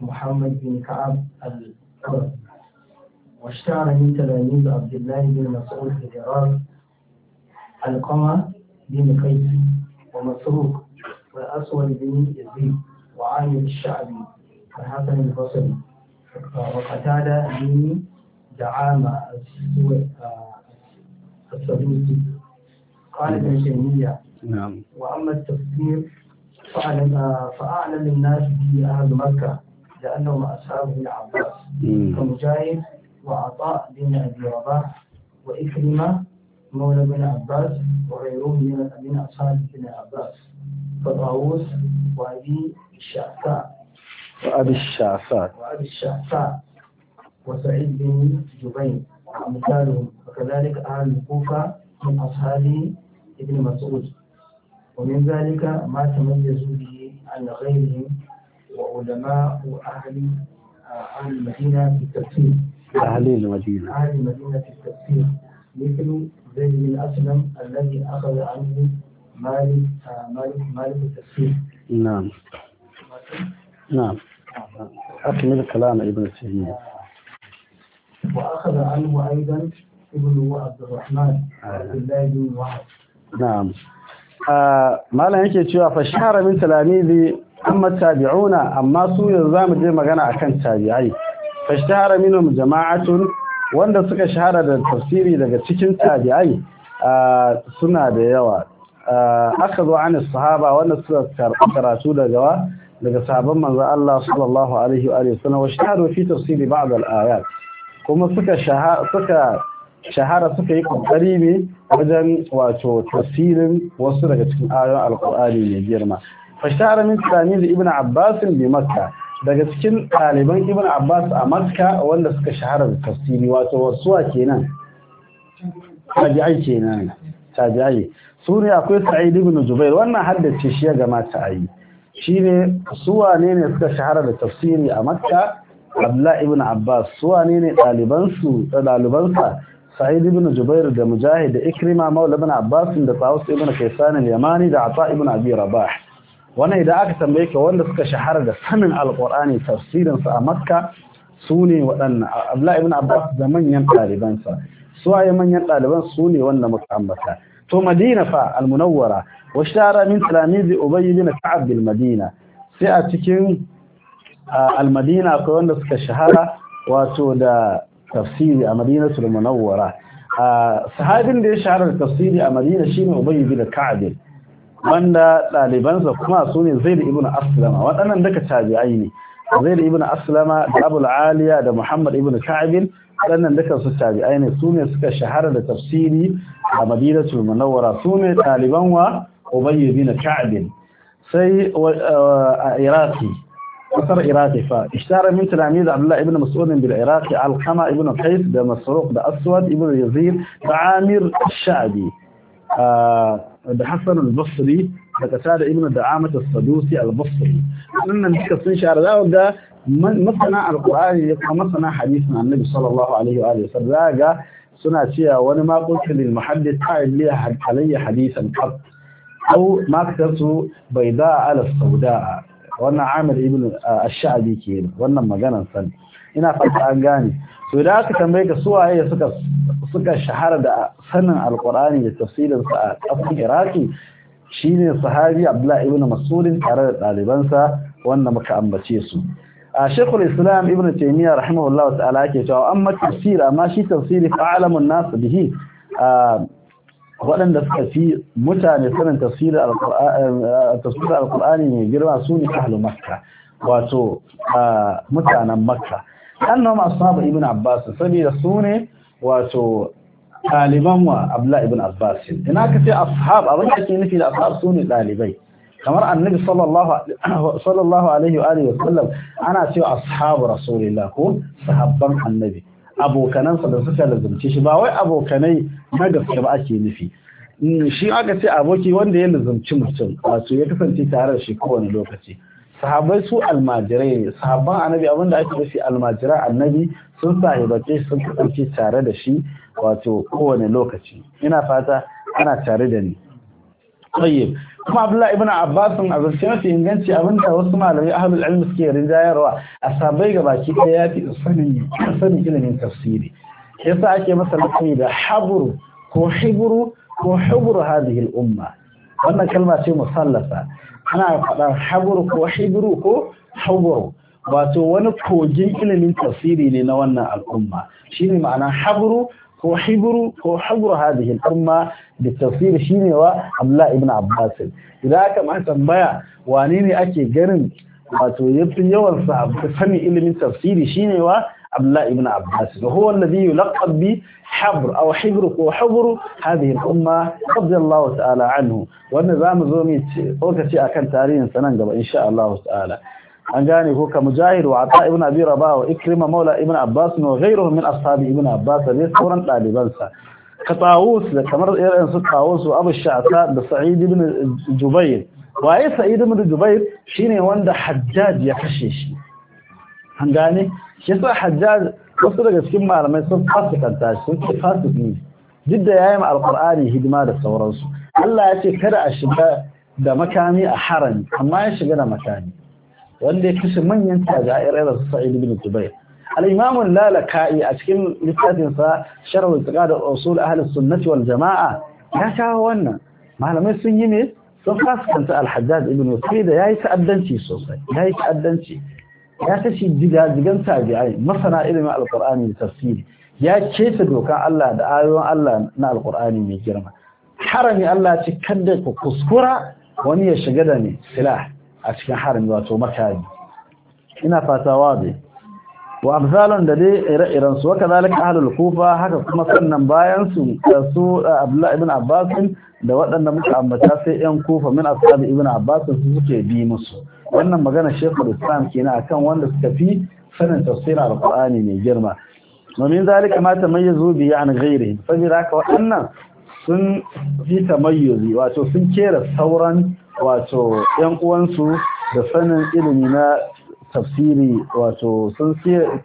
محمد بن كعب القرظ واشتهر من تلاميذ عبد الله بن مسعود في العراق القمة بن قيس ومسروق وأسود بن يزيد وعامل الشعبي وحسن البصري وقتادة بن دعامة آه، السدوسي قال ابن تيمية نعم وأما التفسير فأعلم آه، فأعلم الناس به أهل مكة لأنهم أصحابه العباس كمجاهد وعطاء بن أبي رباح وإكرمة مولى بن عباس وغيرهم من أصحاب بن عباس كطاووس وأبي الشعفاء وأبي الشعفاء وأبي الشعفاء وسعيد بن جبين وأمثالهم وكذلك أهل الكوفة من أصحاب ابن مسعود ومن ذلك ما تميزوا به عن غيرهم وعلماء أهل أهل المدينة في التفسير أهل المدينة أهل المدينة في التفسير مثل زيد بن أسلم الذي أخذ عنه مالك مالك مالك التفسير نعم نعم أكمل كلام ابن سيرين وأخذ عنه أيضا ابنه عبد الرحمن عبد الله yake cewa fa shahara min talamizi amma tabi'una amma su yanzu zamu je magana akan tabi'ai fa shahara jama'a tun wanda suka shahara da tafsiri daga cikin tabi'ai suna da yawa aka zo an sahaba wanda suka karatu daga daga sahabban manzo Allah sallallahu alaihi wa sallam wa shaharu fi tafsiri ba'd al-ayat kuma suka suka shahara suka yi kokari ne wajen wato tafsirin wasu daga cikin ayoyin alkur'ani mai girma fashara min tsani da ibn abbas bi makka daga cikin ɗaliban ibn abbas a makka wanda suka shahara da tafsiri wato wasu kenan kenan tabi'ai akwai sa'id ibn jubair wannan haddace shi ya gamata ayi. yi shine suwa ne ne suka shahara da tafsiri a makka abdullahi ibn abbas su wane ne ɗalibansu ɗalibansa sa'id ibn jubair da mujahid da ikrima maula ibn abbas da tawus ibn kaysan al-yamani da ata ibn abi rabah wannan idan aka tambaye ka wanda suka shahara da sanin alqur'ani tafsirin sa a makka sune waɗannan abdullahi ibn abbas da manyan ɗalibansa suwaye manyan ɗaliban ne wanda muka ambata to madina fa al-munawwara wa shara min talamizi ubay ibn ka'ab bil madina sai a cikin al-madina akwai wanda suka shahara wato da tafsiri a madinatul munawwara sahabin da ya shahara da tafsiri a madina shine ubay da ka'ab wanda dalibansa kuma sune zaid ibn aslama waɗannan daga tabi'ai ne zaid ibn aslama da abul aliya da muhammad ibn ka'ab waɗannan duka su tabi'ai ne sune suka shahara da tafsiri a madinatul munawwara sune daliban wa ubay da ka'ab sai iraqi وتر عراقي فاشتهر من تلاميذ عبد الله بن مسعود بالعراقي علقمة بن الحيس بن اسود بن يزيد عامر الشعبي آه، حسن البصري بكسادة ابن دعامة السدوسي البصري لأننا نتكسين شعر ذا وقال مثلنا القرآن يقع مثلنا حديثنا عن النبي صلى الله عليه وآله وسلم قال ذاقا سناتيا وانا ما قلت للمحدث قاعد لي حد علي حديثا قط أو ما كتبت بيضاء على السوداء wannan Amir ibn ah, Ash-Sha'bi kenan wannan maganar sani ina fata an gane to da aka tambaye ka suwaye suka suka shahara da sanin alqur'ani da tafsirin sa a kafin iraki shine sahabi Abdullah ibn Mas'ud tare da dalibansa wanda muka ambace su a Sheikhul Islam Ibn Taymiyyah rahimahullahu ta'ala yake cewa amma tafsir amma shi tafsiri fa'alamun nas bihi ah, waɗanda suka fi mutane sanin tafsirin alkur'ani mai girma su ne ahalu makka wato mutanen makka annan masu sahaba ibn abbas saboda su ne wato ɗaliban wa abla ibn abbas ina ka ce ashab abin da ke nufi da ashab su ne ɗalibai kamar annabi sallallahu alaihi wa sallam ana cewa ashabu rasulillah ko sahabban annabi abokanansa da suka lazumce shi ba wai abokanai na gaske ba ake nufi mm, shi aka ce aboki wanda ya lazumci mutum wato ya kasance tare da shi kowane lokaci sahabai su almajirai ne sahabban annabi abin da ake nufi almajira annabi sun sahibace sun kasance tare da shi wato kowane lokaci ina fata ana tare da ni tayyib kuma abdullahi ibn abbas a gaskiya mafi inganci abin da wasu malamai ahlul ilm suke rinjayarwa a sabai ga baki ɗaya ya fi sanin sanin ilimin tafsiri yasa ake masa laƙabi da haburu ko hiburu ko hiburu hadhihi al-umma wannan kalma ce musallasa ana faɗa haburu ko hiburu ko Haburu, wato wani kogin ilimin tafsiri ne na wannan al'umma shine ma'ana haburu ko hiburu ko haburu hadhihi al-umma da tafsir shine wa ibn Abbas idan aka ma tambaya wane ne ake garin wato yafi yawan sahabbai sani ilimin tafsiri shine wa Abdullah ibn Abbas وهو الذي يلقب بحبر أو umma وحبر هذه الأمة رضي الله تعالى عنه والنظام zo أوكسي أكن تارين سننقب إن شاء الله تعالى an gane ko ka mujahid wa ata ibn abi rabah wa ikrima maula ibn abbas wa ghayruhum min ashabi ibn abbas ne sauran dalibansa ka da kamar irin su abu sha'sa da sa'id ibn jubair waye sa'id ibn jubair shine wanda hajjaj ya kashe shi an gane shi yasa hajjaj wasu daga cikin malamai sun fasikanta shi sun ce fasik ne duk da yayi ma alqur'ani hidima da sauransu Allah ya ce kada a shiga da makami a harami amma ya shiga da makami wanda ya kashe manyan tajair irin jubair alimamun lalakai a cikin littafin sa sharh da iqad usul ahli sunnati wal jamaa ya kawo wannan malamai sun yi ne sun faskanta al-hajjaj ibn yusuf da yayi ta'addanci sosai yi ta'addanci ya tashi jigan tabi'ai masana ilimin alƙur'ani da tafsiri ya keta dokan Allah da ayoyin Allah na alƙur'ani mai girma harami Allah ci kada ku kuskura wani ya shiga da ne silah a cikin harami wato makami ina fata wazi wa amsalun da dai ire-iren su waka zalika ahlul kufa haka kuma sannan bayan su su Abdullah ibn Abbas da waɗanda muka ambata sai yan kufa min ashabi ibn Abbas su suke bi musu wannan magana Sheikhul Islam kenan akan wanda suka fi sanin tafsirin al mai girma ومن ذلك ما تميزوا به عن غيره فبذلك waɗannan sun fi tamayuzi wato sun kera sauran wato ‘yan uwansu da sanin ilimi na tafsiri wato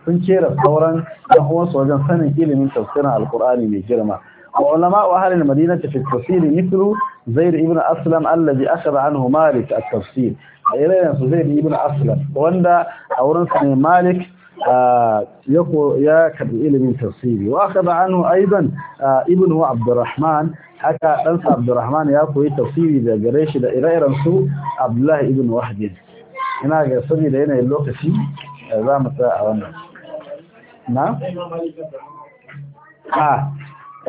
sun kera sauran da kuma wajen sanin ilimin tafsirin alkur'ani mai girma wa ulama wa ahli al-madina fi tafsir mithlu zayd ibn aslam alladhi akhadha anhu malik at-tafsir ayyana su zayd ibn aslam wanda a wurin sa ne malik ya ko ya kabi ilimin tafsiri wa akhadha anhu aidan ibn abdurrahman haka dan sa abdurrahman ya koyi tafsiri daga gare shi da irairan su Abdullahi ibn wahdin ina ga saboda yanayin lokaci eh, za mu tsaya a wannan na? a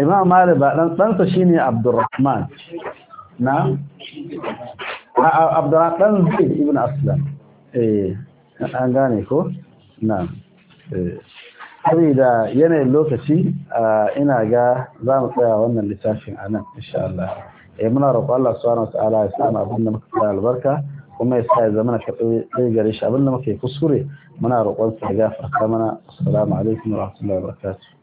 imam malik ba dan ɗansa ne abdurrahman na? a abdurrahman zai ibn aslam eh an gane ko? na eh. saboda yanayin lokaci ina ga za mu tsaya wannan littafin a nan insha Allah eh, muna roƙo Allah subhanahu na ta'ala ya samu mu abin da muka albarka kuma ya sa ya zama ka tsaye gare shi abinda muke kuskure muna roƙon sa gafarta mana assalamu alaikum wa rahmatullahi wa barakatuh